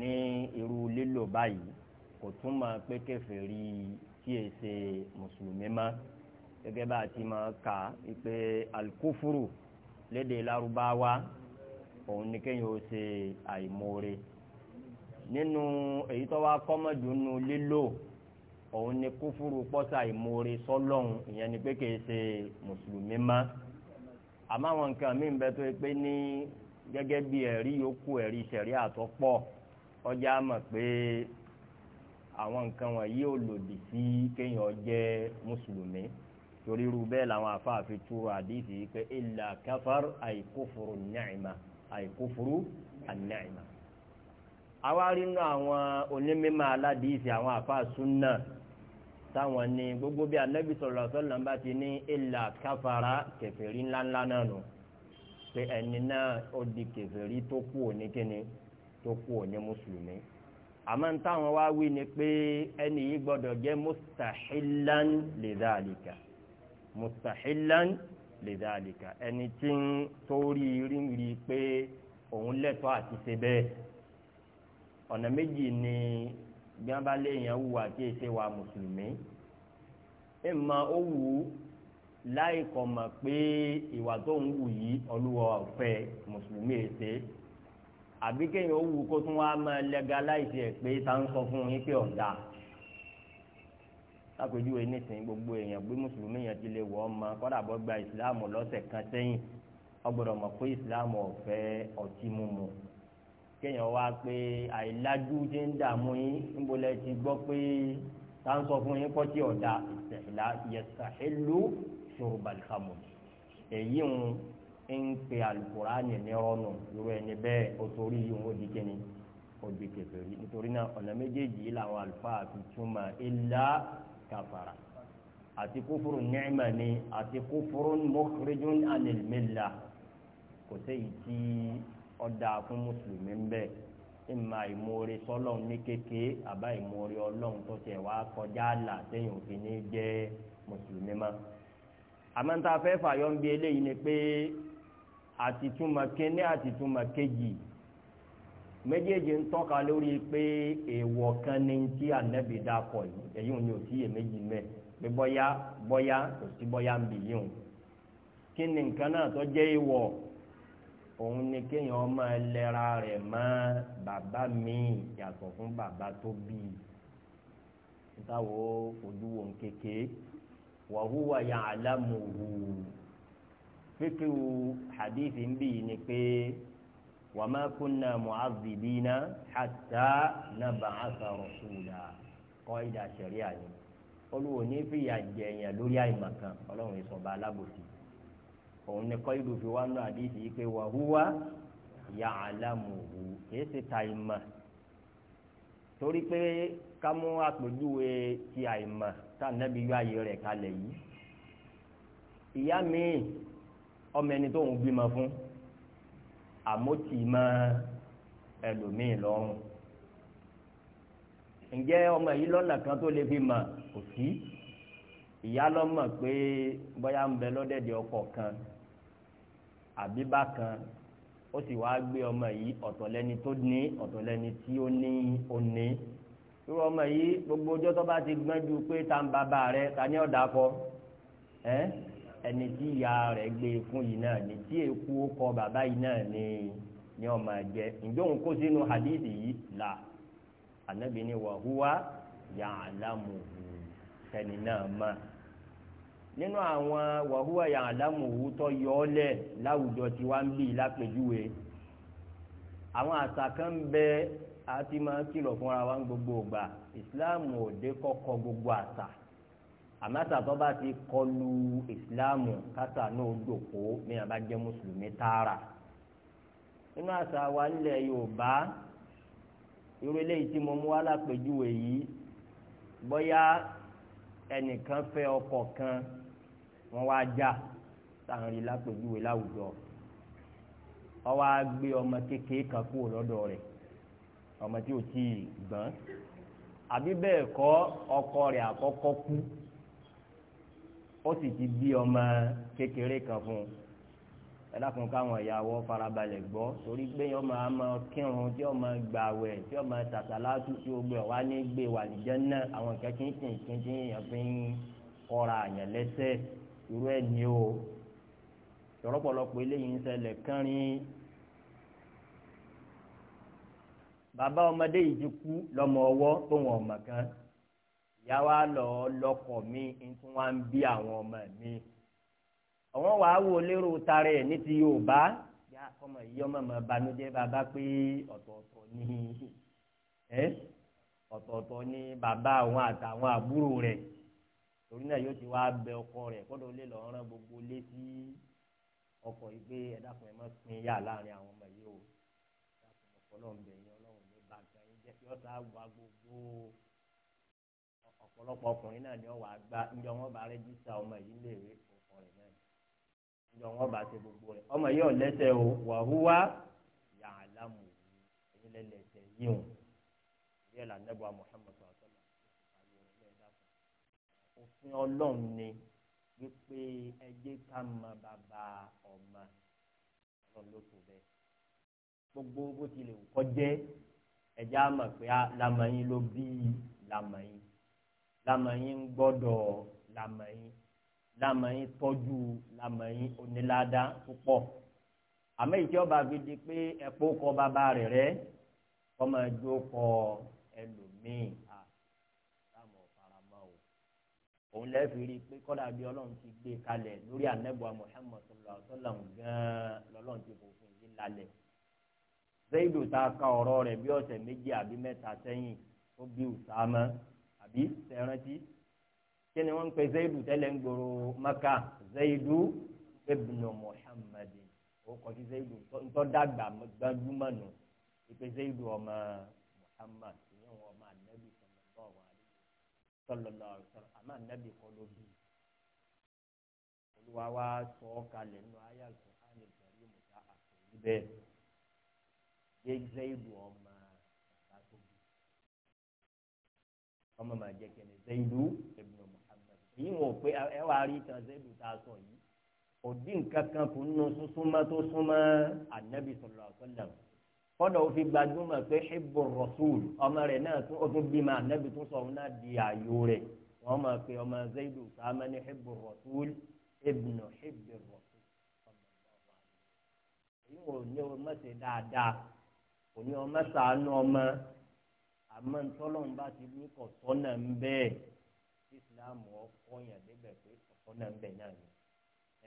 ní irú lílò báyìí kò túmọ̀ pé kèfèrí tí è ṣe mùsùlùmí mọ́ gẹ́gẹ́ bá a ti máa kà pé alukófúrú lédè lárúbáwá òun ni kéèyàn ó ṣe àìmoore nínú èyí tó wá kọ́mọ̀dúnú lílò òun ni kúfúrú pọ́sà ìmoore sọ́lọ́hún ìyẹn ni pé kìí ṣe mùsùlùmí má àmọ́ àwọn nǹkan míì bẹ́ẹ̀ tó pé ní gẹ́gẹ́ bí ẹ̀rí yòókù ẹ̀rí ṣẹ̀rí àtọ́pọ̀ ọjà mọ̀ pé àwọn nǹkan wọ̀nyí ò lòdì sí kéèyàn jẹ́ mùsùlùmí torí irú bẹ́ẹ̀ làwọn afáàfin tú àdìsí pé ìlà káfár àìkófòrò nàìmà àìkófòrò ànàìmà. àwa rí inú àwọn onímọ̀ aládìsí àwọn afáàsúnà táwọn ní gbogbo bí anábì sọ̀rọ̀ sọ́nà bá ti ní ìlà káfàrà kẹfẹ́rí ńláńlá náà nù pé ẹni náà ó di kẹfẹ́rí tó kú òní kíni tó kú òní mùsùlùmí àmọ́ ń táwọn wá wí ni pé ẹni yìí gbọ́dọ̀ jẹ́ mustahilan lidhalika mustahilan lidhalika ẹni tí ń torí rírí pé òun lẹ́tọ̀ọ́ àti ṣe bẹ́ẹ̀ ọ̀nà méjì ni gbábálẹ̀ èèyàn wù àti èsè wa mùsùlùmí ìmọ̀ ó wù ú láì kọ̀ mọ̀ pé ìwà tó ń wù yìí Olúwa ọ̀fẹ́ mùsùlùmí èsè àbí kéèyàn ó wù kó tún wá máa legalize ẹ̀ pé ta ń sọ fún yín pé ọ̀dà lápèjúwe nísìnyí gbogbo èèyàn gbé mùsùlùmí yẹn ti lè wọ ọmọ kọ́dà bọ́ gba ìsìláàmù lọ́sẹ̀ kan sẹ́yìn ọgbọ́dọ̀ mọ̀ pé ìsìláàmù ọ̀fẹ́ ọtí mímu kéèyàn wá pé àìlájú ti ń dààmú yín níbo lẹ ti gbọ́ pé tá ń sọ fún yín pọ́tí ọ̀dà ìsàhìlú ṣòro bàlìkàmù èyí ń ń pe alukurani nírọ̀nù irú ẹni bẹ́ẹ̀ o torí yìí ó di kíni ó di kèfèrí nítorí náà ọ̀nà méjèèjì yìí làwọn àlùfáà fi túmọ̀ ilá kàfàrà àti kófòrò nẹ́ẹ̀mà ni àti kófòrò mọ́kìrìdún ànilmẹ́là kò séyìí tí ọ̀dà fún mùsùlùmí ń bẹ́ẹ̀ ìmà ìmoore sọlọ́n ní kéke àbá ìmoore ọlọ́run tó ṣe wá kọjá àlà sẹ́yìn òfin ní jẹ́ mùsùlùmí mọ́. àmọ́ tá a fẹ́ fàyọ́ ń bi eléyìí ni pé àti túmọ̀ kíní àti túmọ̀ kejì méjèèjì ń tọ́ka lórí pé èèwọ̀ kan ní tí ànábì dákọ̀ yìí èyí ò ní ò sí èméjì mẹ́ pé bọ́yá bọ́yá kò sí bọ́yá ń bì yìí o kí ni nǹkan náà tó jẹ́ èèwọ̀ òun ni kéèyàn máa lẹ́ra rẹ̀ mọ́ bàbá míì yàtọ̀ fún bàbá tó bí i níta ojú wo kéke wàhúwà yà á lámù fíkìwù hadithi ń bì yìí ni pé wa ma kunna mu'adhibina hatta nab'atha rasula kọ́ ìdá sẹ̀ríà ni olùwò ní fìyà jẹ̀yàn lórí àìmọ̀kan ọlọ́run ìsọ̀ba alábòsí òun ni kọ́ ìlú fi wá nù hadithi yìí pé wa huwa ya'lamuhu kìí ṣe torí pé ká àpèjúwe ti àìmọ̀ tá ànábi yọ ayé rẹ̀ kalẹ̀ yìí ìyá mi ọmọ ẹni tó ń bímọ fún àmótì mọ ẹlòmíì lọ́rùn ǹjẹ́ ọmọ yìí lọ́nà kan tó lè fi mọ̀ kò sí ìyá lọ́mọ pé bóyá ń bẹ lọ́dẹ̀dẹ̀ ọkọ kan àbíbá kan ó sì wáá gbé ọmọ yìí ọ̀tọ̀ lẹ́ni tó ní ọ̀tọ̀ lẹ́ni tí ó ní ó ní irú ọmọ yìí gbogbo ọjọ́ tó bá ti gbọ́njú pé ta ń bàbá rẹ ta ní ọ̀dà kọ ẹ́. Eh? ẹni tí ìyá rẹ̀ gbé e fún yìí náà ni tí èkú kọ bàbá yìí náà ni ni ó máa jẹ ǹjọ́ òun kó sínú hadith yìí là ànábì ni wàhúwá ya'lamuhu tẹni náà mà nínú àwọn wàhúwá ya'lamuhu tó yọ ọ́ lẹ̀ láwùjọ tí wàá ń bì lápèjúwe àwọn àṣà kan bẹ àti máa ń kìlọ̀ fúnra wa ń gbogbo ògbà ìsìláàmù òde kọ́kọ́ gbogbo àṣà àmọ́tà tó bá ti kọlu ìsìláàmù kátà náà dòkó mìíràn bá jẹ́ mùsùlùmí tààrà nínú àṣà wa nílẹ̀ yorùbá irú eléyìí tí mo mú wá lápèjúwe yìí bóyá ẹnìkan fẹ́ ọkọ kan wọ́n wá já táwọn rí lápèjúwe láwùjọ wọ́n wá gbé ọmọ kékeré kan kúrò lọ́dọ̀ rẹ̀ ọmọ tí ò tí gbọ́n àbí bẹ́ẹ̀ kọ́ ọkọ rẹ̀ àkọ́kọ́ kú ó sì ti bí ọmọ kékeré kan fún un ẹlẹ́kùn káwọn ìyàwó farabalẹ̀ gbọ́ torí pé ọmọ àmọ́ kírun tí ọmọ gbàwẹ̀ tí ọmọ tàtàlátù tí ó gbé wá ní gbé wà nìjẹ́ náà àwọn kẹ́kín kìn kìn tí èèyàn fi ń kọ́ra àyàn lẹ́sẹ̀ irú ẹ̀ ní o tọ́rọ́pọ̀lọpọ̀ eléyìí ń ṣẹlẹ̀ kánrin bàbá ọmọdé yìí ti kú lọ́mọ ọwọ́ tó wọn ọmọ kan ìyá wa lọ lọkọ mi ntí wọn ń bí àwọn ọmọ mi àwọn wàá wo lérò tara ẹ ní ti Yorùbá yá ọmọ yìí ọmọ mọ banújẹ́ bàbá pé ọ̀tọ̀ọ̀tọ̀ ni ẹ ọ̀tọ̀ọ̀tọ̀ ni bàbá àwọn àtàwọn àbúrò rẹ̀ torí náà yóò ti wá bẹ ọkọ rẹ̀ kọ́dọ̀ lè lọ rán gbogbo lé sí ọkọ yìí pé ẹ dákun ẹ má yà láàrin àwọn ọmọ yìí o dákun ọkọ náà ń bẹ yín Ọlọ́run ní bàtà yín jẹ́ kí ọ̀sà wà gbogbo ọ̀pọ̀lọpọ̀ ọkùnrin náà ni ọwọ́ àgbà ńjọ wọn bá rẹ́jísà ọmọ yìí léèrè ọkọ rẹ̀ náà ńjọ wọn bá ṣe gbogbo rẹ̀ ọmọ yìí ọ̀lẹ́sẹ̀ o wàhúwá yàlámù ẹ̀yìn lẹ́lẹ́sẹ̀ yìí o ìyẹn nẹ́bọ̀ Muhammad sọ̀tọ́lá òfin ọlọ́run ni wípé ẹ ká mọ bàbá ọmọ ọlọ́run ló tó bẹ́ẹ̀ gbogbo bó tilẹ̀ kọjẹ́ ẹ̀já mọ̀ pé lamọ̀yin ló bí lamọ̀yin lamẹ̀yìn gbọ́dọ̀ lamẹ̀yìn lamẹ̀yìn tọ́jú lamẹ̀yìn onílàdá púpọ̀ àmọ́ ìjọ bá fi di pé ẹ̀pọ́ kọ bàbá rẹ̀ rẹ́ kọ́mọ ẹjọ́ kọ ẹlòmíì à láwọn ọ̀faramọ́ o òun lẹ́ẹ̀fì rí i pé kọ́dà bí ọlọ́run ti gbé kalẹ̀ lórí ànẹ́bọ̀ Muhammad sallallahu alaihi wasallam gan-an lọ́lọ́run ti fòfin yìí lálẹ̀ zayidu ta ka ọ̀rọ̀ rẹ̀ bí ọ̀sẹ̀ méjì àbí mẹ́ta sẹ́yìn ó bí Usama àbí sẹrántí kí ni wọn ń pè zayidu tẹ́lẹ̀ ń gbòòrò maka zayidu ibnu muhammad O kọ sí zayidu ntọ́ dàgbà gbajúmọ̀ nù ìpè zayidu ọmọ muhammad ìyẹn wọn ọmọ anabi sallallahu alaihi sallallahu alaihi wasallam àmọ́ anabi kọ́ ló bí olúwa wa sọ ọ́ kalẹ̀ nù ayé àlùkò ánìkàrí mùtá àkùrẹ́ bẹ́ẹ̀ zayidu ọmọ. ọmọ màá jẹ́ kẹ́ni zayidu ibn muhammad èyí wọn ò pé ẹ wà á rí tan zayidu tá a sọ yìí òdì nǹkan kan kò nínú súnmọ́ tó súnmọ́ anabi sallallahu alaihi wasallam kọ́dọ̀ ó fi gbajúmọ̀ pé hibbu rasul ọmọ rẹ̀ náà tún ó tún bímọ anabi tún sọ òun náà di ààyò rẹ̀ wọ́n máa pe ọmọ zayidu sàmẹ́ ní hibbu rasul ibn hibbu rasul èyí wọn ò ní o mọ̀ dáadáa òní ọmọ sàánú ọmọ àmọ́ ntọ́lọ́run bá ti ní kọ̀tọ́ náà ń bẹ́ẹ̀ tí ọkọ yàn débẹ̀ pé kọ̀tọ́ náà ń bẹ̀ náà ni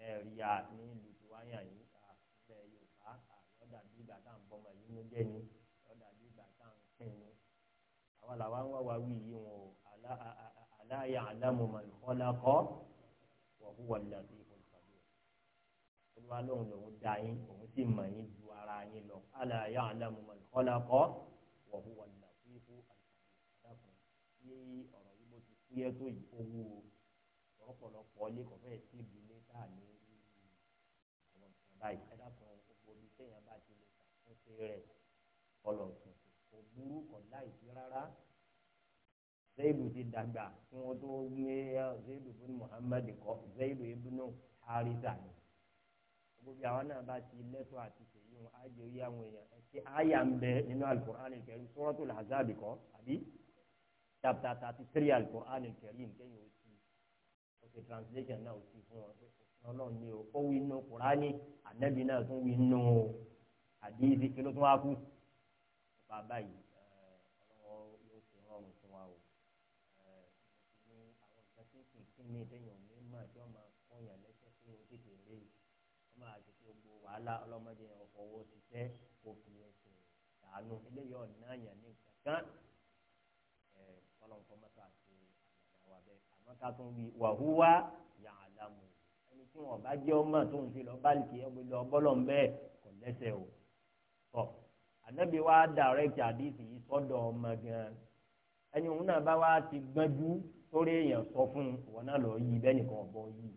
ẹ rí a ní ìlú tí wọ́n yàn yìí àbẹ̀ yorùbá àyọ̀dà bí ìgbà tá à ń bọ́mọ yìí ló jẹ́ ni àyọ̀dà bí ìgbà tá à ń pín ni àwọn làwa ń wá wá wí yìí wọn o ala ya'lamu man khalaqa wa huwa al-latiful khabir olúwa lóun lòun dá yín òun sì mọ̀ yín ju ara yín lọ ala ya'lamu man khalaqa wa huwa al ọ̀rọ̀ yìí bó ti fúyẹ́ tó yìí owó ọ̀pọ̀lọpọ̀ ilé kò fẹ́ẹ̀ sí ibi ilé tá à ní rí àwọn nǹkan báyìí ẹ dákun gbogbo ibi téèyàn bá ti lè ṣàtúnṣe rẹ̀ ọlọ́ tuntun kò burú kọ̀ láì sí rárá zayidu ti dàgbà kí wọ́n tó gbé zayidu bin muhammad kọ́ zayidu ibnu harisa ni gbogbo àwọn náà bá ti lẹ́tọ̀ọ́ àti ṣèyí wọn á jẹ́ oyé àwọn èèyàn ẹ̀ ṣe àyà ń bẹ nínú alukur'an kẹrin suratul ahzab kọ́ àbí chapter thirty three alukur'an kẹrin kẹyìn òsì òsì translation náà òsì fún wọn ọlọ́run ni o ó wí nù kùránì ànábì náà tún wí nù àdìsí kí ló tún wá kú bàbá yìí eh, ọlọ́wọ́ yóò fi rọrùn fún wa o ní eh, àwọn nǹkan tí kì í kí ní ìdẹ́yìn òní mà tí wọ́n máa fún yàn lẹ́sẹ̀ tí wọ́n tètè lé yìí wọ́n máa ti fi gbogbo wàhálà eléyìí ọ̀nà yàn ní nǹkan ká tún wí wàhúwá yàlámù ẹni tí wọn bá jẹ́ ọmọ tó ń fi lọ báàlìkì ẹgbẹ́ lọ bọ́lọ̀ ń bẹ́ẹ̀ kò lẹ́sẹ̀ o tọ́ ànábi wa direct àdìsí yìí sọ́dọ̀ ọmọ gan ẹni òun náà bá wa ti gbẹ́jú sórí èèyàn sọ fún wọn náà lọ yí bẹ́ẹ̀ nìkan ọ̀bọ yìí.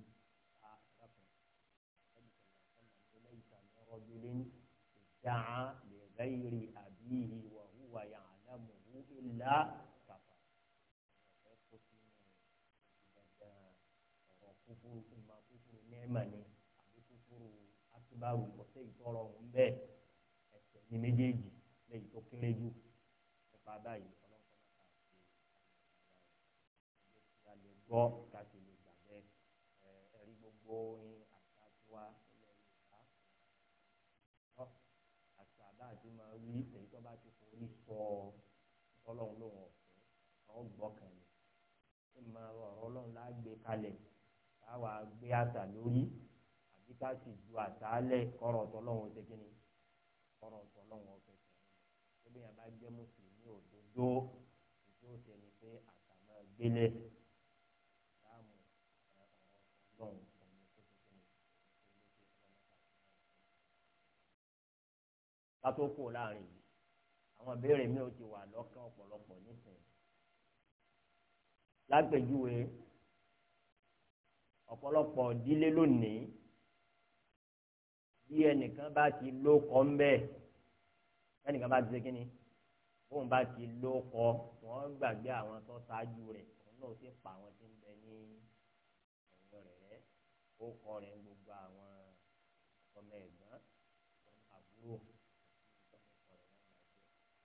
dáa mọ̀ ni àbí kúkúrú akíbáwò kò sí ìtọ́rọ̀ ọ̀hún bẹ́ẹ̀ ẹ̀sẹ̀ ní méjèèjì lẹ́yìn tó kéré jù nípa báyìí ọlọ́nkọ́nà kà sí gbọ́ ká sì lè gbà bẹ́ẹ̀ ẹ̀rí gbogbo ní àṣà tiwa ilẹ̀ Yorùbá àṣà bá àti máa wí èyí tó bá ti kò sọ ọlọ́run lòun ọ̀fẹ́ àwọn gbọ́ kan ní ọlọ́run lágbè kalẹ̀ àwa gbé àṣà lórí àbí ká sì ju àṣàlẹ̀ kọ́rọ̀ tọ́lọ́wọ́n ṣe kíni kọ́rọ̀ tọ́lọ́wọ́n fẹ́ tẹ̀lé tóbi yàrá jẹ́ mùsùlùmí òdodo ìjọ tẹ̀lé pé àṣà máa gbélé láàmú ọlọ́run. kátó kù láàrin yìí àwọn ìbéèrè mi ò ti wà lọ́kàn ọ̀pọ̀lọpọ̀ nísìnyí lágbèjúwe ọ̀pọ̀lọpọ̀ ìdílé lónìí bí ẹnìkan bá ti ló kọ́ ń bẹ́ẹ̀ ẹnìkan bá ti ṣe kínní bóun bá ti ló kọ́ wọ́n gbàgbé àwọn tó ṣáájú rẹ̀ òun náà sì pa àwọn tí ń bẹ ní ẹ̀yìn rẹ̀ ó kọ́ rẹ̀ gbogbo àwọn ọmọ ẹ̀gbọ́n àbúrò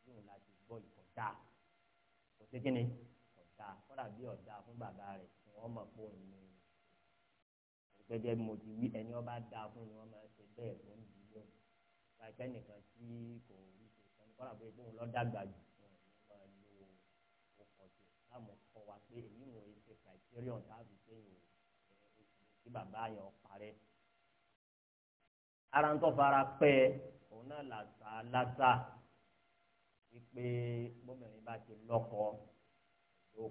yóò láti gbọ́ ìkọ̀dá kò sí kínní ọ̀dà kọ́dà bí ọ̀dà fún bàbá rẹ̀ wọ́n mọ̀ pé ni gẹ́gẹ́ bí mo ti wí ẹni ọba dá fún ni wọ́n máa ṣe bẹ́ẹ̀ fún ìdílé ọ̀hún láìpẹ́ nìkan tí kò rí ṣe sọ ní kọ́lá pé bóun lọ́dàgbà jù fún ọ̀hún máa lo ọkọ̀ tó láwọn kọ́ wa pé èyí wọ̀n yìí ṣe criterion táàbù sẹ́yìn kí bàbá yẹn parẹ́. ara ń tọ́ fara pẹ́ òun náà làṣà làṣà wípé bóbìnrin bá ti lọ́kọ ló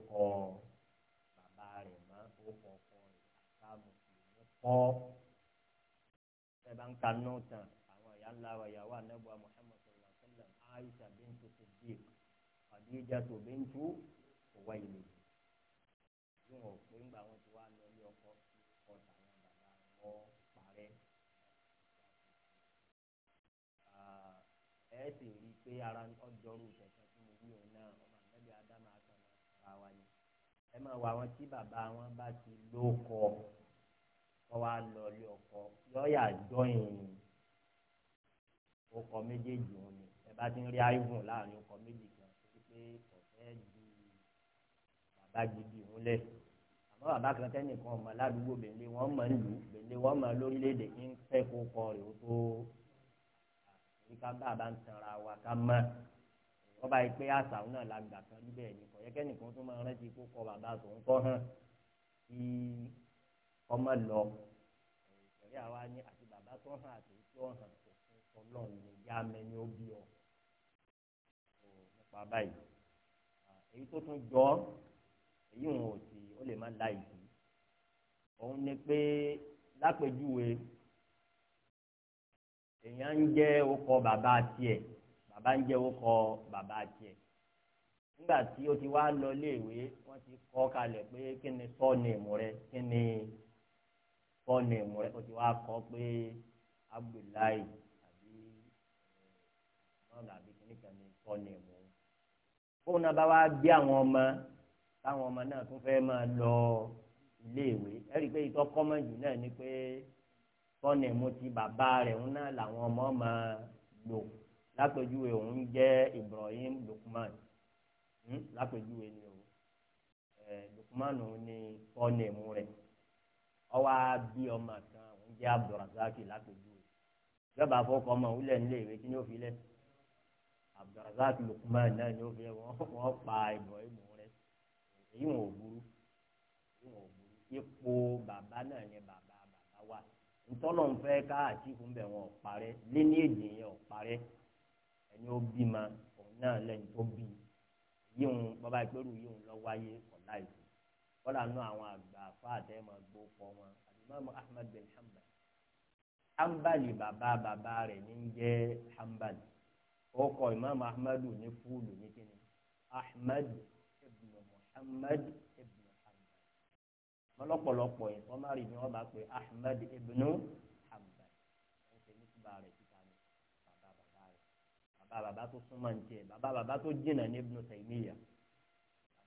kọ́ ẹ̀bá ń ka náà tán àwọn ìyá ńlá wa ìyàwó anábọ̀ Muhammad sallallahu alaihi Aisha bintu Siddiq Adija tó bintu Khuwaylid yìí bí wọn ò pé ńgbà wọn ti wá lọ ilé ọkọ ọ̀tà àwọn bàbá wọn parẹ́ ẹ sì rí i pé ara ọjọ́rú kẹ̀kẹ́ tí mo wí òun náà ọmọ àgbẹ̀bí Ádámù àtàwọn ará wa ni ẹ máa wọ àwọn tí bàbá wọn bá ti lóko wọ́n wá lọ ilé ọkọ lọ́ọ̀yà jọyìn ọkọ méjèèjì òun ni ẹ bá ti ń rí àìbùn láàrin ọkọ méjì kan títí pé kò fẹ́ di bàbá gidi òun lẹ̀ àmọ́ bàbá kan tẹ́nìkan ọmọ aládùúgbò bèlè wọ́n mọ̀ ń lù bèlè wọ́n mọ̀ lórílẹ̀‐èdè kí ń fẹ́ kó kọ rè ó tó àríkà bàbá ń tanra wa ká mọ̀ wọ́n bá yí pé àṣà òun náà la gbà kan níbẹ̀ ni kò yẹ kẹ́nìkan tó máa rántí kó kọ bàbá tòun kọ́ hàn kí kọ́mọ lọ ìṣẹ̀rí àwa ní àti bàbá tó hàn àti tó hàn òfin ọlọ́run ní yá mẹ́ni ó bí ọ nípa báyìí èyí tó tún jọ èyí wọn ò sì ó lè má la ìdí òun ni pé lápèjúwe èèyàn ń jẹ́ okọ bàbá tiẹ̀ bàbá ń jẹ́ okọ bàbá tiẹ̀ nígbà tí ó ti wá lọ iléèwé wọ́n ti kọ́ kalẹ̀ pé kí ni sọ́ọ̀nì rẹ kí ni. fọ́ọ̀nù ẹ̀mú rẹ kòtò wá kọ́ pé abdullahi àbí eh, mọ́ọ̀lù àbí kìnìkan ní ni ẹ̀mú. fóun náà bá wá àwọn ọmọ náà tún fẹ́ máa lọ iléèwé ẹ rí i pé ìtọ́ kọ́mọ̀jù náà ni pé fọ́ọ̀nù ti bàbá rẹ̀ ń náà làwọn ọmọ máa lò lápèjúwe Ibrahim Lukman hmm? lápèjúwe ni o eh, Lukman ni ọwọ́ bí ọmọ kan ń jẹ́ abdulrasaki lápẹjù ìjọba àfọkọ ọmọ òwúlẹ̀ nílé ìwé tí ní ó fi lẹ̀ abdulrasaki lukman náà ní ó fi lẹ̀ wọ́n pa ibrahim rẹ̀ èyí wọn ò burú èyí wọn ò burú ipò bàbá náà yẹn bàbá bàbá wa ntọ́lọ̀ ń fẹ́ ká àtìkù ń bẹ̀ wọn ọ̀parẹ́ léní èdè yẹn ọ̀parẹ́ ẹni ó bímọ òun náà lẹ́yìn tó bí yíyún bàbá ìpẹ́rù yíyún lọ́wọ́ ayé ọ̀la ìlú kọ́lá nù àwọn àgbà fáàtẹ́ máa gbó fọ́ wọn alimami ahmed bin hanbal hanbali bàbá bàbá rẹ̀ ní ń jẹ́ hanbal ó kọ imaamu ahmed ní fúlù ní kíni ahmed ibn muhammad ibn hanbal mọ́lọ́pọ̀lọpọ̀ yẹn fọ́márì ni wọ́n bá pe ahmed ibn hanbal ó ṣe ní kíba rẹ̀ kíta ní bàbá bàbá rẹ̀ bàbá bàbá tó súnmọ́ ní tiẹ̀ bàbá bàbá tó jìnnà ní ibn taymiya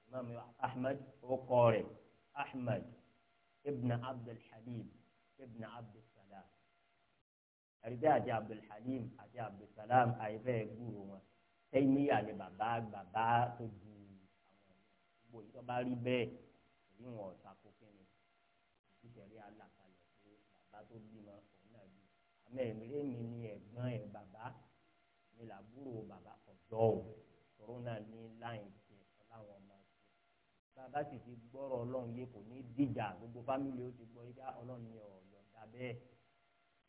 imam ahmed ọkọ rẹ̀ ahmed ibn abdulhalim ibn abdulsalam àrídẹ́ àti abdulhalim àti abdulsalam àyẹ̀fẹ́ gbúrò wọn sẹ́yìn níyà ni bàbá bàbá tó ju gbogbo yìí tó bá rí bẹ́ẹ̀ èyí wọn ọ̀sà kò kíni ìṣẹ̀lẹ̀ alákalẹ̀ pé bàbá tó bímọ òun náà bí àmọ́ èmi mi ni ẹ̀gbọ́n ẹ̀ bàbá mi làbúrò bàbá ọ̀dọ́ ò náà ní láyìn bá sì ti gbọ́rọ̀ ọlọ́run yé kò ní dìjà gbogbo fámìlì ó ti gbọ́ yíká ọlọ́run yẹn ọ̀yọ̀ dà bẹ́ẹ̀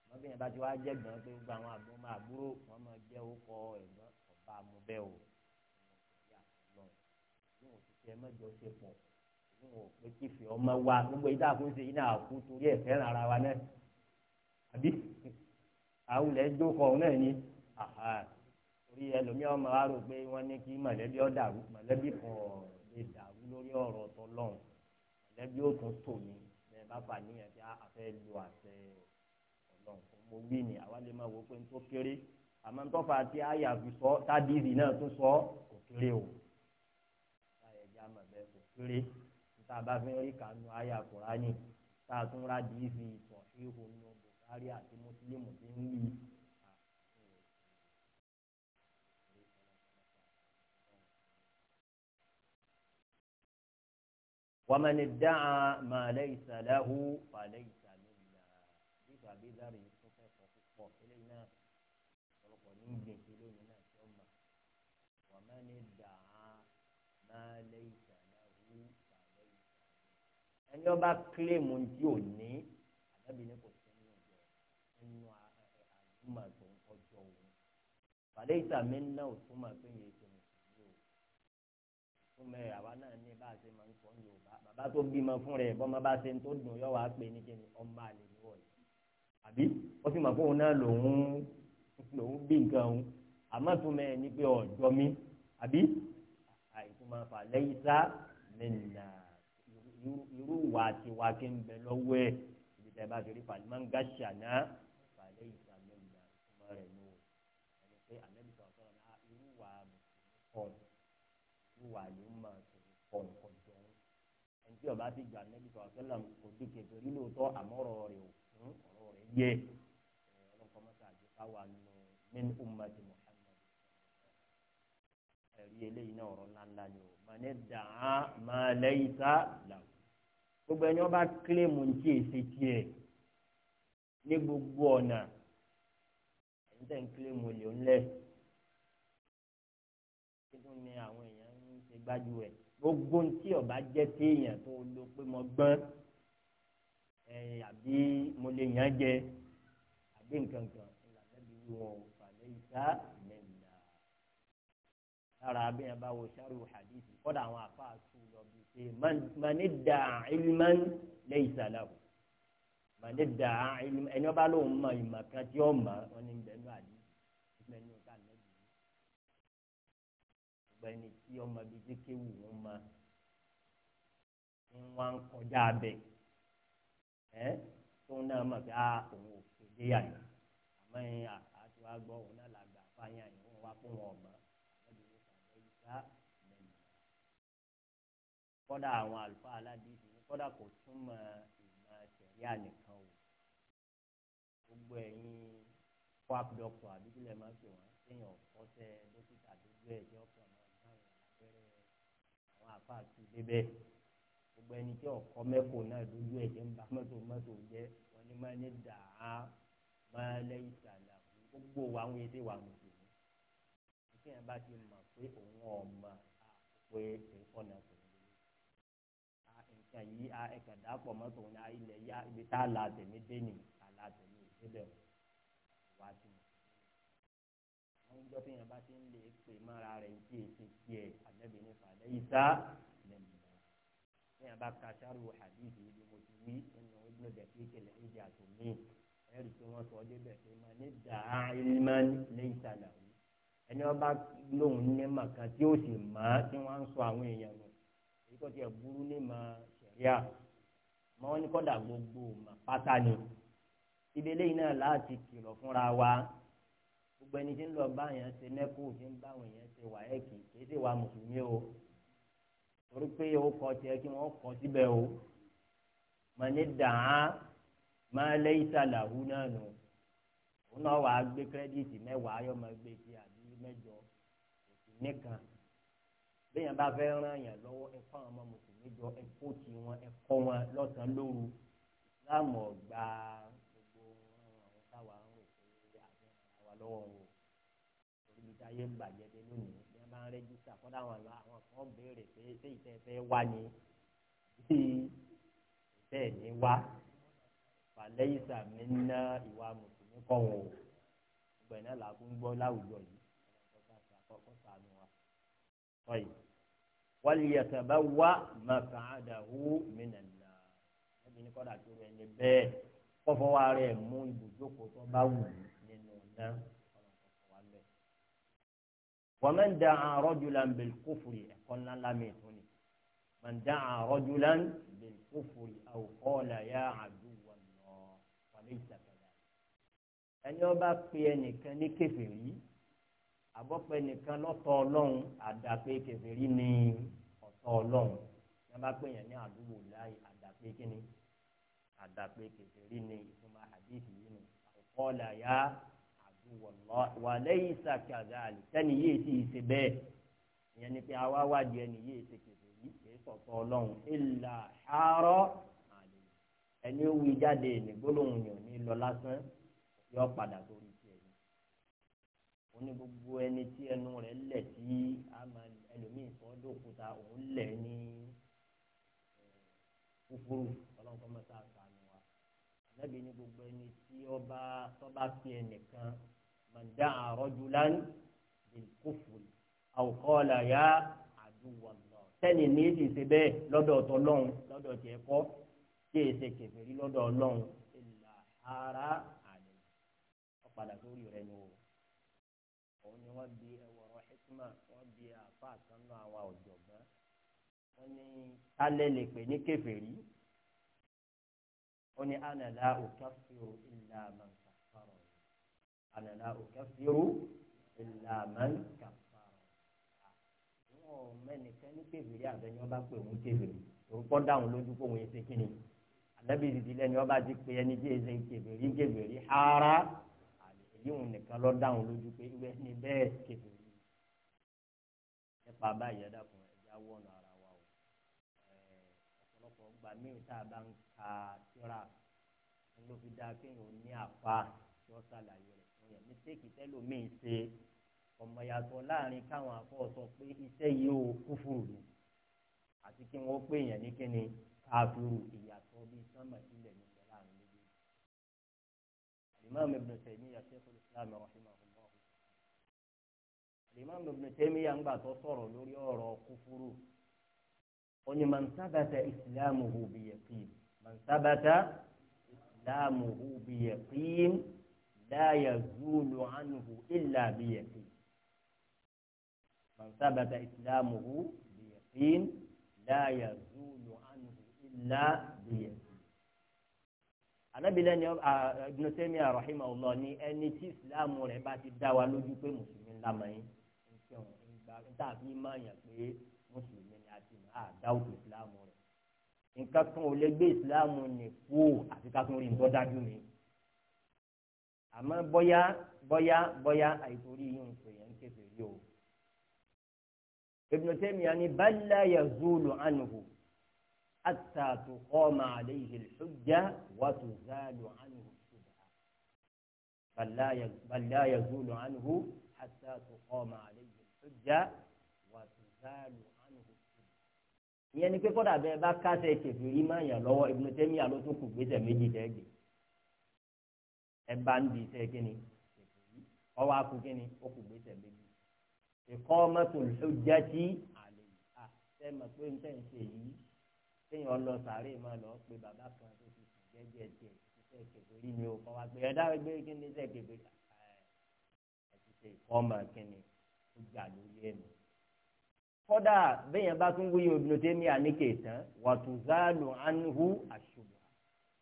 wọ́n bí yẹn bá ti wá jẹ́ gbọ́n pé gbogbo àwọn àbúrò máa gbúrò wọ́n máa jẹ́ orúkọ ẹ̀gbọ́n ọba mu o ní òun ti tẹ mẹ́jọ ṣe pọ̀ ní òun pé kí fi ọmọ wa gbogbo yìí dáàbò ṣe iná àkú torí ẹ̀ fẹ́ràn ara wa náà àbí lórí ọ̀rọ̀ tó lọ́hùn ẹ̀lẹ́bí ó tún tò ní ẹ̀ bá fà níyàn tí a lu àṣẹ ọlọ́run mo wí ni àwa lè máa wò pé n tó kéré àmọ́ n tọ́fà tí àyà fi sọ tádìrì náà tún sọ kò kéré o láyé ẹja mọ̀ bẹ́ẹ̀ kò kéré níta bá fẹ́ rí kanu àyà kùránì tá a tún rádìí fi ìtọ̀ sí ìhòòhò bùkárí àti mùsùlùmù tí ń wí. ومن dáhà ما ليس له فليس ìlà nígbà bí dáre yìí tó fẹ́ kọ́ púpọ̀ kílẹ̀ náà ọ̀pọ̀lọpọ̀ ní gbèsè lónìí náà tí ó mà wàmẹ́ni dáhà màálẹ́ ìsàlẹ́hu fàlẹ́ ìsàlẹ́ ẹni ọba kílèmù tí ò ní àbẹ́bí ní kò sí nínú ọjọ́ nínú àdúmọ̀ tó ń kọjọ́ òun fàlẹ́ ìsàmẹ́ náà ò túmọ̀ pé yẹn ti mùsùlùmí o túmọ̀ àwa náà ní bàbá tó bímọ fún rẹ̀ bọ́mọ bá ṣe ń tó dùn yọ wàá pè ní kíni ọmọ àlè ní wọ̀nyí àbí ó sì mọ̀ fún òun náà lòun lòun bí nǹkan òun àmọ́ tó mẹ́ ẹ ní pé ọ̀jọ́ mi àbí àìsùnmọ̀ fà lẹ́yìn sá mẹ́nà irú wà tiwa kí ń bẹ lọ́wọ́ ẹ̀ ibi tẹ́ bá ti rí fàlímọ́ ń gàṣà náà fà lẹ́yìn sá mẹ́nà rẹ̀ ní o ẹni pé àmẹ́bí sọ̀rọ̀ náà irú wà mùsùlùmí tí ọba ti gbà nẹ́bí sọ̀rọ̀ sẹ́lẹ̀ kò di kẹfẹ́ rí lóòótọ́ àmọ́rọ̀ rẹ̀ ò fún hmm, ọ̀rọ̀ rẹ̀ yẹ ọlọ́run kọ́ mọ́tà àjẹ káwa nínú min ummati muhammad ẹ̀rí eléyìí náà ọ̀rọ̀ ńláńlá ni o mà ní dàá mà lẹ́yìn ká là gbogbo ẹni wọn bá kílèmù ní tí èsì tiẹ̀ ní gbogbo ọ̀nà ẹ̀yìn tẹ̀ ń kílèmù lè ń kí ló ní àwọn èèyàn ń ṣe gbájú ẹ̀ gbogbo ntí ọba jẹ téèyàn tó lo pé mo gbọ́n ẹ àbí mo lè yàn jẹ àbí nkankan ìlànà bí wọn ò fàlẹ́ ìta mẹ́ta lára abẹ́yẹn bá wo sáré hadith kọ́dà àwọn afáà tù lọ bí pé mani da ilman laysa lahu mani da ilman ẹni ọba lóun mọ ìmọ̀ kan tí ó mọ̀ ọ́ ní bẹ́ẹ̀ ní àdìsí gbẹni tí ọmọ bíi tí kéwù ń ma ń wá ń kọjá abẹ ẹ tó náà mọ̀ pé ah, òun ò kéde yàrá àmọ́ ẹ̀yìn àti wàá gbọ́ òun náà làgbà fáyà yìí wọ́n wá fún wọn ọ̀mọ́ àbẹ̀bí wọn kàwé ìta lẹ́yìn. kọ́dà àwọn àlùfáà aládìsí kọ́dà kò túmọ̀ ìmọ̀ ṣẹ̀ríà nìkan o gbogbo ẹ̀yin kwap dọ́kítọ̀ àbíkílẹ̀ máa ń pè wọ́n séèyàn ọ̀fọ́sẹ́ dókítà dójú ẹ̀ jọ́ àfa sí bíbẹ gbogbo ẹni tí ọkọ mẹkọ náà lójú ẹjẹ ń ba mọtò mọtò jẹ wọn ni máa ní dàá máa lẹ́yìn sàlà gbogbo wa ń wéde wà mùsùlùmí kí ẹ bá ti mọ̀ pé òun ọmọ àpè ìfọ̀nà tó ń lò á nǹkan yìí á ẹ̀kà dàpọ̀ mọ́tò ní ilẹ̀ yá ibi tá a la tèmi dé nì àlà tèmi ìdíbẹ̀ wá sí mi níjọ́ tí yẹn bá ti ń lè pè mọ́ra rẹ̀ ń tí èsì tiẹ̀ àdẹ́bí ní fàdé ìta lẹ́yìn náà tí yẹn bá ka sáàrù hadith ibi mo ti wí nínú ibùdó dẹ̀kí kẹlẹ̀ ìdí àtòmí ẹ̀rì tí wọ́n sọ débẹ̀ pé mà ní dàá ilman lẹ́yìn sàlà wí ẹni wọ́n bá ní màkà tí ó sì mọ́ tí wọ́n sọ àwọn èèyàn nù èyí tó tiẹ̀ burú ní mà sẹ̀ríà mọ́ wọn ní kọ́dà gbogbo mà ni ìdílé yìí náà láti kìlọ̀ fúnra wa gbogbo ẹni tí ń lọ bá yẹn ṣe nẹ́kù tí ń bá àwọn yẹn ṣe wà ẹ́ kì í ṣe wà mùsùlùmí o torí pé ó kọ tiẹ̀ kí wọ́n kọ síbẹ̀ o mà ní dàá má lẹ́yìn sàlàhù náà nù òun náà wàá gbé kírẹ́díìtì mẹ́wàá yọ máa gbé sí àbí mẹ́jọ òsì nìkan bẹ́ẹ̀ bá fẹ́ ràn yàn lọ́wọ́ ẹ fún àwọn ọmọ mùsùlùmí jọ ẹ kó tiwọn ẹ kọ́ wọn lọ́sàn-án lóru láàmú ọ̀gbàá. lọ́wọ́ o ibi tí ayé ń bàjẹ́ dé lónìí bí wọ́n ń rẹ́jísítà kọ́dà àwọn àlọ́ àwọn kan béèrè pé ṣé ìtẹ́ fẹ́ wá ni bí ìtẹ́ ní wá falẹ́ ìsà mi ná ìwà mùsùlùmí kọ́ wọn o ìgbà náà là ń gbọ́ láwùjọ yìí kọ́kọ́ sànù wa. wọ́n lè yàtọ̀ wá màkà àdàwó mìíràn náà ẹ̀mí ní kọ́dà tó rẹ̀ ní bẹ́ẹ̀ kọ́fọ́ wa rẹ̀ mú ibùjókòó tó bá wù ú náà wọ́n máa ń da rajulan bil kufri ẹ̀kọ́ ńláńlá mi tó ni máa ń da rajulan bil kufri aw qala ya aduwwan wa laysa kadhalik ẹni wọ́n bá pe ẹnìkan ní kèfèrí àbọ̀pẹ̀ nìkan lọ́tọ̀ ọlọ́run àdàpé kèfèrí ní ọ̀tọ̀ ọlọ́run yẹn bá pè yẹn ní àdúgbò láàyè àdàpé kíni àdàpé kèfèrí ní ìtumọ̀ àdìsí yìí ni yá wàlẹ́ yìí sàkàdà àlìsẹ́ni yìí sì ṣe bẹ́ẹ̀ ìyẹn ni pé àwa wádìí ẹni yìí ṣe kèfè yìí kì í sọ̀tọ̀ ọlọ́run ìlà àárọ̀ àlè ẹni ó wí jáde ní gbólóhùn yàn ní lọ lásán yọ padà sórí tiẹ̀ ni ó ní gbogbo ẹni tí ẹnu rẹ̀ lẹ̀ tí ẹlòmíì sọ ọdún òkúta òun lẹ̀ ní eh, kúkúrú ọlọ́run kọ́ mọ́ta àtàlù ẹlẹ́bi ní gbogbo ẹni tí ọba tọ́ba fi ẹnìkan. من دعا رجلا بالكفر أو قال يا عدو الله sẹ́ni ní ti ṣe bẹ́ẹ̀ lọ́dọ̀ tọ́lọ́hún lọ́dọ̀ tiẹ̀ kọ́ tí èyí ṣe kẹfẹ́rí lọ́dọ̀ ọlọ́hún ìlà ara àlè ọ̀padà sórí rẹ̀ ni o òun ni wọ́n bi ẹ̀wọ̀rọ̀ hikma wọ́n bi àfa àtànú àwọn ọ̀jọ̀gbọ́n wọ́n ní alẹ́ lè pè ní kẹfẹ́rí wọ́n ní ànàlá òkàfẹ́ ìlà màá ana la ukaffiru illa man kaffara. àwọn ọmọ ẹnìkan ní kébìrì àbẹ̀ni wọn bá pè wọn kébìrì orúkọ dáhùn lójú kó wọn ṣe kíni ànábì ìdílé ni wọn bá ti pè ẹni tí èsè kébìrì kébìrì hàrá àdéhùn nìkan lọ dáhùn lójú pé ìwé ni bẹ́ẹ̀ kébìrì. nípa báyìí ẹ̀dá kan ẹ̀dá wọ̀nà ara wa o ọ̀pọ̀lọpọ̀ gbà míì tá a bá ń ka síra ló fi dáa kéèyàn ní àfa tí wọ́n ṣàlàyé mistake tẹlomiin ṣe ọmọ yàtọ̀ láàrin káwọn afọ sọ pé iṣẹ́ yìí ó kúfùrù ni àti kí wọ́n pè yàn ní kíni káfíru ìyàtọ̀ bíi sánmà ilẹ̀ nígbà láàrin méjì. Imam Ibn Taymiyyah Sheikhul Islam rahimahullah. Imam Ibn Taymiyyah ń tó sọ̀rọ̀ lórí ọ̀rọ̀ kúfùrù. Ó ní man sabata islamuhu biyaqin. Man sabata islamuhu biyaqin láyà zúlù ánùhù ìlà bìyẹ̀kì mọ̀nsábàtà ìsìlámùhù bìyẹ̀kì láyà zúlù ánùhù ìlà bìyẹ̀kì. anábìlẹ̀ ni Ibn Taymiyyah rahimahullah ni ẹni tí ìsìlámù rẹ̀ bá ti dá wa lójú pé mùsùlùmí ńlá mọ̀ yín nígbà tí a máa yàn pé mùsùlùmí ni a ti mọ̀ àdáwò ìsìlámù rẹ̀ nǹkan kan ò lè gbé ìsìlámù nìkú àti ká tún rí nǹkan dájú mi àmọ́ bóyá bóyá bóyá àìtórí yìí ń pè yẹn kéde yìí o. Ibn Taymiyyah ni bala yazulu anhu hatta tuqama alayhi al-hujja wa tuzalu anhu shubha. Bala yazulu anhu hatta tuqama alayhi al-hujja wa tuzalu anhu shubha. Ìyẹn ni pé kọ́dà bẹ́ẹ̀ bá kásẹ̀ kẹfìrí máa yàn lọ́wọ́ Ibn Taymiyyah ló tún kù gbèsè méjì dẹ́gbẹ̀ẹ́ ẹ bá ń di iṣẹ́ kínní ètò yìí ọwọ́ akú kínní ó kù gbèsè méjì ìkọ́ mọ́tò ló jẹ́ sí àlè à ṣe mọ̀ pé ń tẹ̀ ń ṣe yìí téèyàn lọ sàárè mọ́ lọ pé bàbá kan tó ti sùn jẹ́jẹ́ jẹ́ iṣẹ́ kẹfẹ́rí ni o kọ́ wa pé ẹ̀dá gbé kínní iṣẹ́ kẹfẹ́rí ẹ̀ ti ṣe ìkọ́ mọ́ kínní ó jà lórí ẹ̀mí kódà bẹ́ẹ̀ yẹn bá tún wúyọ Ibn Taymiyyah àníkè tán wàtúzálù anhu àṣùb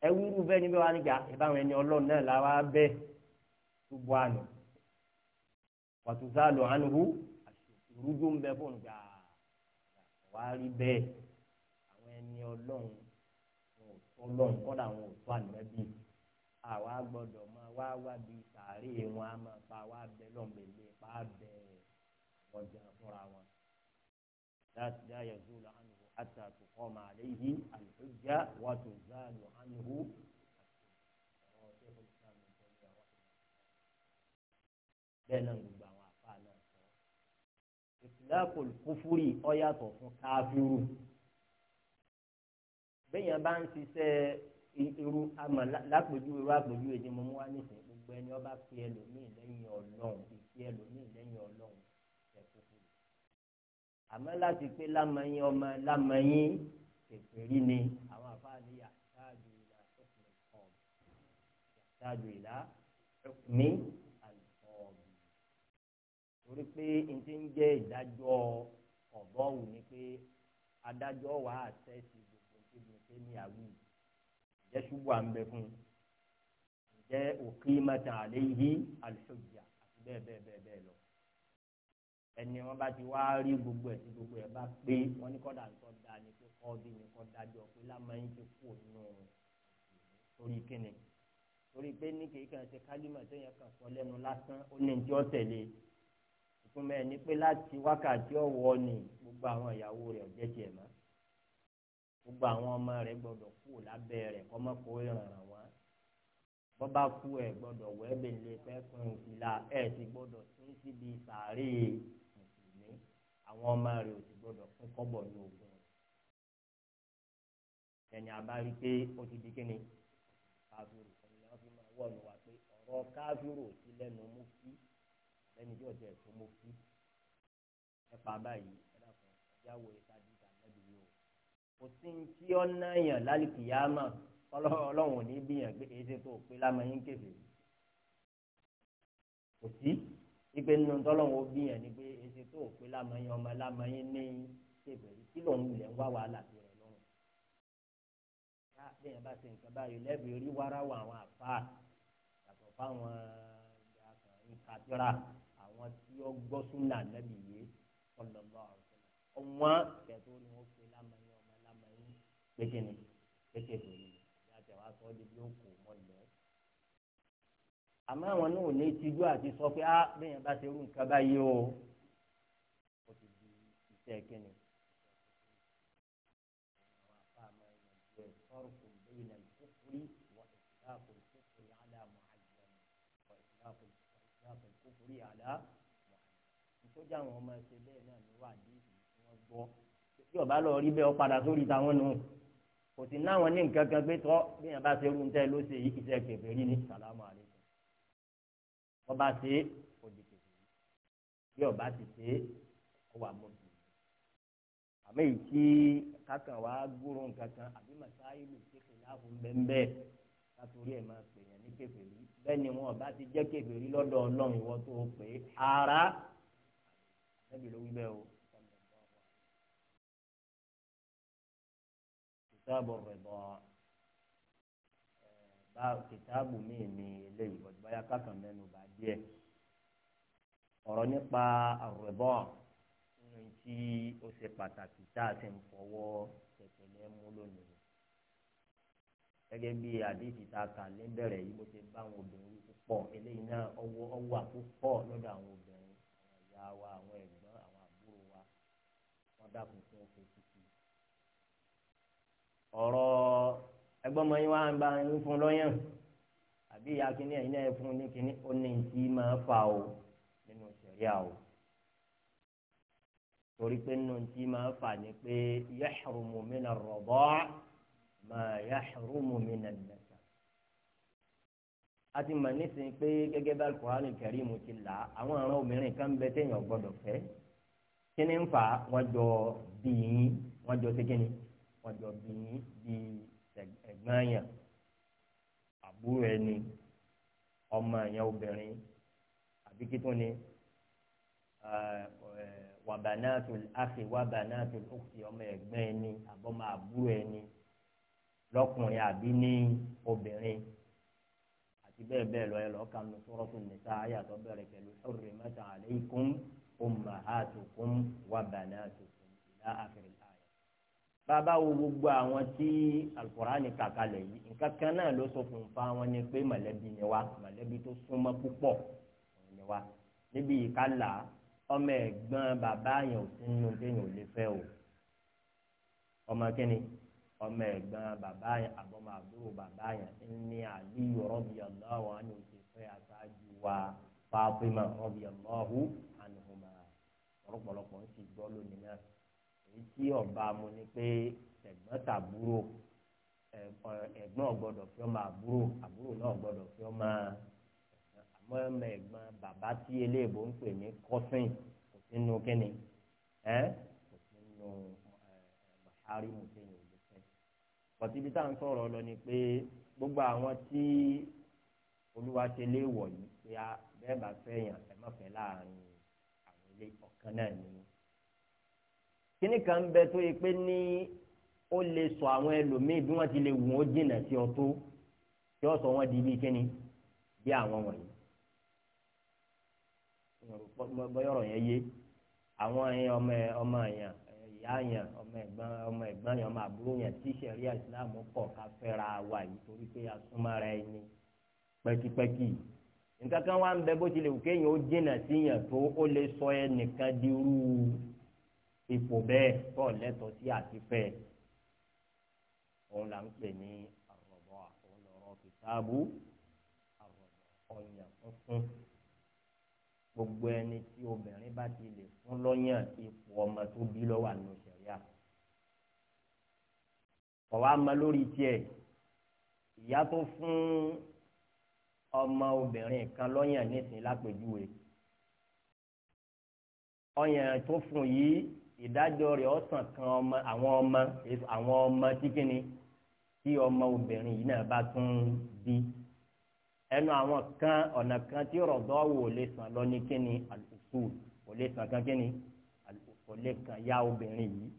ẹwúrú bẹ́ẹ̀ níbẹ̀ wá níjà ìbáwọn ẹni ọlọ́run náà làwa bẹ́ gbogbo àná wàtúnṣá lọ ànúhù ìrújú ń bẹ fóun gbà wá rí bẹ́ẹ̀ àwọn ẹni ọlọ́run wọn ò tọ́ lọ́run kọ́dà wọn ò tọ́ ànábì àwa gbọ́dọ̀ máa wá wá bí sàárè wọn á máa pa wá bẹ́ lọ́nbẹ̀lẹ̀ pa á bẹ́ ọjà fúnra wọn. láti dá yẹ̀dúrà ànúhù àtàkù. قام عليه الحجة وتزال عنه bẹ́ẹ̀ náà gbogbo àwọn àfa náà sọ ìtìláàkù kúfúrì ó yàtọ̀ fún káfíru bẹ́ẹ̀yàn bá ń ṣiṣẹ́ irú àmọ́ lápèjú wá nìsín gbogbo ẹni ọba fi ẹlòmíì lẹ́yìn ọlọ́run fi ẹlòmíì. àmọ́ láti pé lámọ̀yìn ọmọ lámọ̀yìn kèfèrí ni àwọn àfáàní yàtáàdù ìlà ọkùnrin kan yàtáàdù ìlà ọkùnrin àlùfọ́ọ̀mù torí pé n ti ń jẹ́ ìdájọ́ ọ̀bọ̀wù ni pé adájọ́ wà á tẹ́sí gbogbo tí mo ṣe ní àwìn ìjẹ́ ṣubú à ń bẹ fún un ìjẹ́ òkè mẹ́ta àléyìí àlùfọ́ọ̀jà àti bẹ́ẹ̀ bẹ́ẹ̀ bẹ́ẹ̀ bẹ́ẹ̀ lọ ẹni wọn bá ti wá rí gbogbo ẹ̀ tí gbogbo ẹ̀ bá pé wọ́n ní kọ́dà tó da ni pé kọ́ọ̀dù ni kọ́ dájọ́ pé lámàáyín ti kú nù torí kíni torí pé ní kìí kan ṣe kálímà téèyàn kan sọ lẹ́nu lásán ó ní ìjọ tẹ̀lé ìtumọ̀ ẹ̀ ni pé láti wákàtí ọ̀wọ́ ni gbogbo àwọn ìyàwó rẹ̀ ọ̀jẹ̀ tiẹ̀ mọ́ gbogbo àwọn ọmọ rẹ̀ gbọ́dọ̀ kú lábẹ́ rẹ̀ kọ́mọ́kó ìrànràn wọn bọ́bá kú ẹ̀ gbọ́dọ̀ wẹ́ẹ́bẹ̀ lè fẹ́ pin òfìlà ẹ̀ sì gbọ́dọ̀ sí síbi sàárè àwọn ọmọ rẹ̀ ò sì gbọdọ̀ fún kọ́bọ̀ ní ogun ẹni abárí pé ó ti di kíni káfíru ẹni wọn fi máa wọ̀ ní wa pé ọ̀rọ̀ káfíru ò sí lẹ́nu mú kí lẹ́nu yóò jẹ́ ètò mú kí ẹ̀fà báyìí ẹ̀dá kan ìyàwó ìtàdí ìtàlẹ́bí yìí o kò sí ní kí ọ náà yàn lálìkìyàmà ọlọ́run ò ní bí yàn gbé èyí tó pé lámọ́ yín kébè kò sí ìpè nínú tọ́lọ́wọ́ bí yẹn ni pé èsì tó o pé lámọ̀yìn ọmọ lámọ̀yìn ní ṣèbẹ̀rẹ̀ kí ló ń wulẹ̀ ń wá wàhálà sí rẹ̀ lọ́rùn. ká bẹ́ẹ̀ bá ṣe nǹkan báyìí lẹ́bi rí wáráwọ̀ àwọn àfáà yàtọ̀ fáwọn ìkàtúrà àwọn tí ó gbọ́ súnà lẹ́bi yìí ọlọ́lọ́ àwọn wọn kẹtó ni wọ́n pé lámọ̀yìn ọmọ lámọ̀yìn pékinni pékinni ìyá àmọ́ àwọn náà ò ní tijú àti sọ pé á ah, bẹ́ẹ̀ bá ṣe irú nǹkan báyìí o ó ti di iṣẹ́ kínní. sójà àwọn ọmọ ẹsẹ bẹ́ẹ̀ náà ló wà ní wọn gbọ́ tí ọba lọ rí bẹ́ẹ̀ ọ padà sórí táwọn nù kò sí náwọn ní nǹkan kan pé tọ bí yẹn bá ṣe irú ń tẹ ló ṣe iṣẹ́ kẹfẹ rí ní sàlámù àlẹ ọba ṣe é òdìkè bí ọba ti ṣe é ọwà mọ́bì àmọ́ èyí tí kákan wàá gbúrò nǹkankan àbí màsáìlù kékeré láàbù ńbẹ́ńbẹ́ látòrí ẹ̀ máa pè yẹn ní kèfèrí bẹ́ẹ̀ ni wọn ọba ti jẹ́ kèfèrí lọ́dọ̀ ọlọ́run ìwọ tó pè é ara ẹ̀bí ló wí bẹ́ẹ̀ o. kìtàbù rẹ̀ bọ̀ bá kìtàbù míì ní eléyìí bọ́dúbáyà kákan mẹ́nu díẹ̀ ọ̀rọ̀ nípa àrùbọ̀ nínú tí ó ṣe pàtàkì tá a ti ń fọwọ́ tẹ̀tẹ̀lẹ́ mú lónìí gẹ́gẹ́ bí àdéhìí tá a kà lẹ́bẹ̀rẹ̀ yìí bó ṣe bá àwọn obìnrin púpọ̀ eléyìí náà ọwọ́ ọwọ́ àpúpọ̀ lọ́dọ̀ àwọn obìnrin àwọn ìyá wa àwọn ẹ̀gbọ́n àwọn àbúrò wa wọ́n dákun fún òfin títì. ọ̀rọ̀ ẹgbọ́n mọ́ yín wá ń bá yín fún lọ́yàn àbí ìyá kínní ẹ̀yin náà fún ní kínní ó ní tí máa fa o nínú sẹ̀ríà o torí pé nínú tí máa fa ni pé yahrumu min ar-radaa ma yahrumu min an-nasab a ti mọ̀ nísìnyí pé gẹ́gẹ́ bá Al-Qur'an al ti là àwọn ará obìnrin kan bẹ téèyàn gbọ́dọ̀ fẹ́ kíni ń fa wọn jọ bìyín wọn jọ ṣe kíni wọn jọ bìyín bíi ẹ̀gbọ́n yẹn àbúrò ẹni ọmọ ẹ̀yàn obìnrin àbí kí tó ni wàbánáàtò àfi wàbánáàtò òkè ọmọ ẹ̀gbọ́n ẹni àbọ̀mọ àbúrò ẹni lọ́kùnrin àbí ní obìnrin àti bẹ́ẹ̀ bẹ́ẹ̀ lọ ẹ lọ́ọ́ kan ní nìta ayàtọ̀ bẹ̀rẹ̀ pẹ̀lú hurrimat alaykum ummahatukum wàbánáàtò ìlà àfẹ̀rẹ̀ bàbá wo gbogbo àwọn tí alukurani kàkalẹ̀ yìí nǹkan kan náà ló sọ fún fa wọn ni pé mọ̀lẹ́bí ni wa mọ̀lẹ́bí tó súnmọ́ púpọ̀ ni wa níbi ìkàlà ọmọ ẹ̀gbọ́n bàbá yẹn ò sí nínú téèyàn ò lè fẹ́ o ọmọ kínní ọmọ ẹ̀gbọ́n bàbá yẹn àbọ̀mọ àbúrò bàbá yẹn ní Aliyu radiyallahu anhu ti fẹ́ àṣáájú wa Fatima radiyallahu anhuma ọ̀pọ̀lọpọ̀ ń sì gbọ́ lónìí náà etí ọba mu ni pé ẹ̀gbọ́n tàbúrò ẹ̀gbọ́n ọ̀gbọ́dọ̀ fi ọmọ àbúrò àbúrò náà ọ̀gbọ́dọ̀ fi ọmọ àmọ́ ọmọ ẹ̀gbọ́n bàbá tí eléèbó ń pè ní cousin kò sínú kínní ẹ́ kò sínú mọ̀ṣárì mùsùlùmí òjòfẹ́. pọ̀tibí tá à ń sọ̀rọ̀ lọ ni pé gbogbo àwọn tí olúwa ṣe léèwọ̀ yìí pé bẹ́ẹ̀ bá fẹ́ yàn ẹ má láàrin àwọn ilé ọ̀kan náà ní kíní kan bẹ tó yẹ pé ní ó lè sọ àwọn ẹlòmíì bí wọ́n ti lè wù ó jìnnà sí ọ tó tí ó sọ wọ́n di bíi kíní bí àwọn wọ̀nyí bọ́yọ̀rọ̀ yẹn yé àwọn ẹ̀yàn ọmọ ọmọ ẹ̀yàn ìyá yẹn ọmọ ẹ̀gbọ́n ọmọ ẹ̀gbọ́n yẹn ọmọ àbúrò yẹn tí sẹ̀ríà ìsìláàmù kọ̀ ká fẹ́ra wa yìí torí pé asúnmọ́ra ẹni pẹ́kípẹ́kí nǹkan kan wá ń bẹ bó tilẹ̀ wù kéèyàn ó jìnnà sí yẹn tó ó lè sọ ẹnìkan di irú ipò bẹ́ẹ̀ tọ́ lẹ́tọ̀ọ́ sí àtifẹ́ òun là ń pè ní àrọ̀bọ̀ àfọlọ́rọ̀ kìtàbù àrọ̀bọ̀ ọ̀yàn funfun gbogbo ẹni tí obìnrin bá ti lè fún lọ́yàn ipò ọmọ tó bí lọ́wọ́ àná sẹ̀ríà ọ̀wá ma lórí tiẹ̀ ìyá tó fún ọmọ obìnrin kan lọ́yàn nísìnyí lápèjúwe ọyàn tó fún yìí ìdájọ́ rẹ̀ ọ̀sán kan ọmọ àwọn ọmọ àwọn ọmọ tí kínní tí ọmọ obìnrin yìí náà bá tún bí ẹnu àwọn kan ọ̀nà kan tí rọ̀dọ́ wò lè sàn lọ ní kínní àlùkù kò lè sàn kan kínní kò lè kan ya obìnrin yìí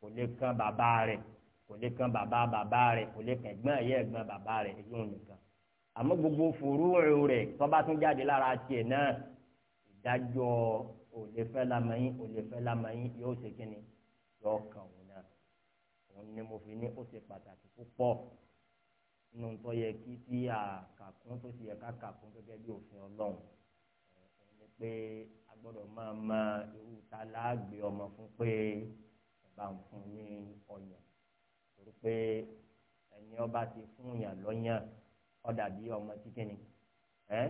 kò lè kan bàbá rẹ̀ kò lè kan bàbá bàbá rẹ̀ kò lè kan ẹ̀gbọ́n ẹ̀yẹ́ ẹ̀gbọ́n bàbá rẹ̀ èyí ò nìkan àmọ́ gbogbo fòrúurú rẹ̀ tó bá tún jáde lára tiẹ̀ náà ìdájọ́ òlè fẹ́ lamọ yín òlè fẹ́ lamọ yín yóò ṣe kí ni yóò kàn òun náà òun ni mo fi ní ó ṣe pàtàkì púpọ̀ nínú tó yẹ kí tí a kàkún tó ti yẹ ká kàkún gẹ́gẹ́ bí òfin ọlọ́run òun ni pé a gbọ́dọ̀ máa ma irú ta láàgbé ọmọ fún pé bá ń fún ní ọyàn torí pé ẹni ọba ti fún yàn lọ́yàn ọ̀dà bí ọmọ tí kìíní ẹ́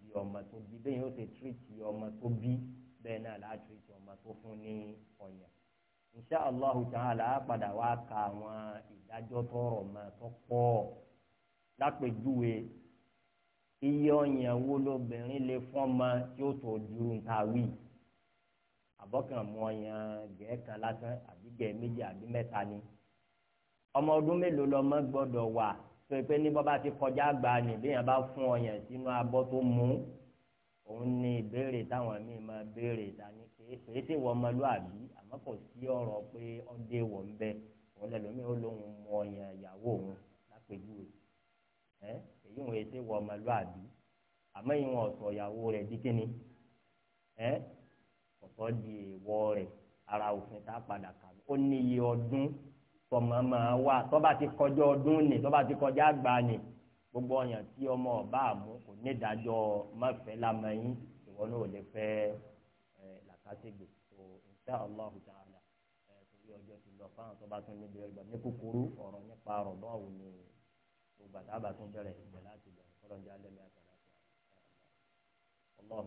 bí ọmọ tó bí bẹ́ẹ̀ yóò ṣe tírìtì ọmọ tó bí bẹ́ẹ̀ náà láti rí ti ọmọ tó fún ní ọ̀yàn insha allah ta'ala padà wá ka àwọn ìdájọ́ tọrọ mọ tó pọ̀ lápèjúwe iye ọ̀yàn wo lobìnrin lè fọ́mọ tí ó tó ju nǹkan wí àbọ̀kàn mọ ọ̀yàn gẹ̀ẹ́ kan lásán àbí gẹ̀ẹ́ méjì àbí mẹ́ta ni ọmọ ọdún mélòó lọmọ gbọ́dọ̀ wà pé pé ní bọ́ bá ti kọjá gbà bí yẹn bá fún ọ̀yàn sínú abọ́ tó mú òun ni ìbéèrè táwọn míì máa béèrè dání kéé tè wọ ọmọlúàbí àmọ́ kò sí ọ̀rọ̀ pé ọdẹ wọ ń bẹ òun lẹlòmíì ó lóun mọ ọyàn ìyàwó òun lápèjúwe ẹ èyí wọn wọ ọmọlúàbí àmọ́ ìwọn ọsọ ìyàwó rẹ di kíni ẹ ọsọ di èèwọ̀ rẹ ara òfin tá a padà kà ó níye ọdún tọmọ máa wà ti kọjá ọdún ni ti kọjá àgbà ni. gbogbo ọyàn tí ọmọ ọba àmú kò ní ìdájọ́ mọfẹ lamẹyìn ìwọ náà ò lè fẹ ẹ làkàṣègbè tó insha Allah ta'ala ẹ torí ọjọ́ ti lọ fáwọn tó bá tún níbi ẹgbẹ ní kúkúrú ọ̀rọ̀ nípa ọ̀rọ̀ náà wò ni gbogbo àtàbà tún bẹ̀rẹ̀ ìgbẹ láti bẹ̀rẹ̀ kọlọńjà lẹmí àtàlà.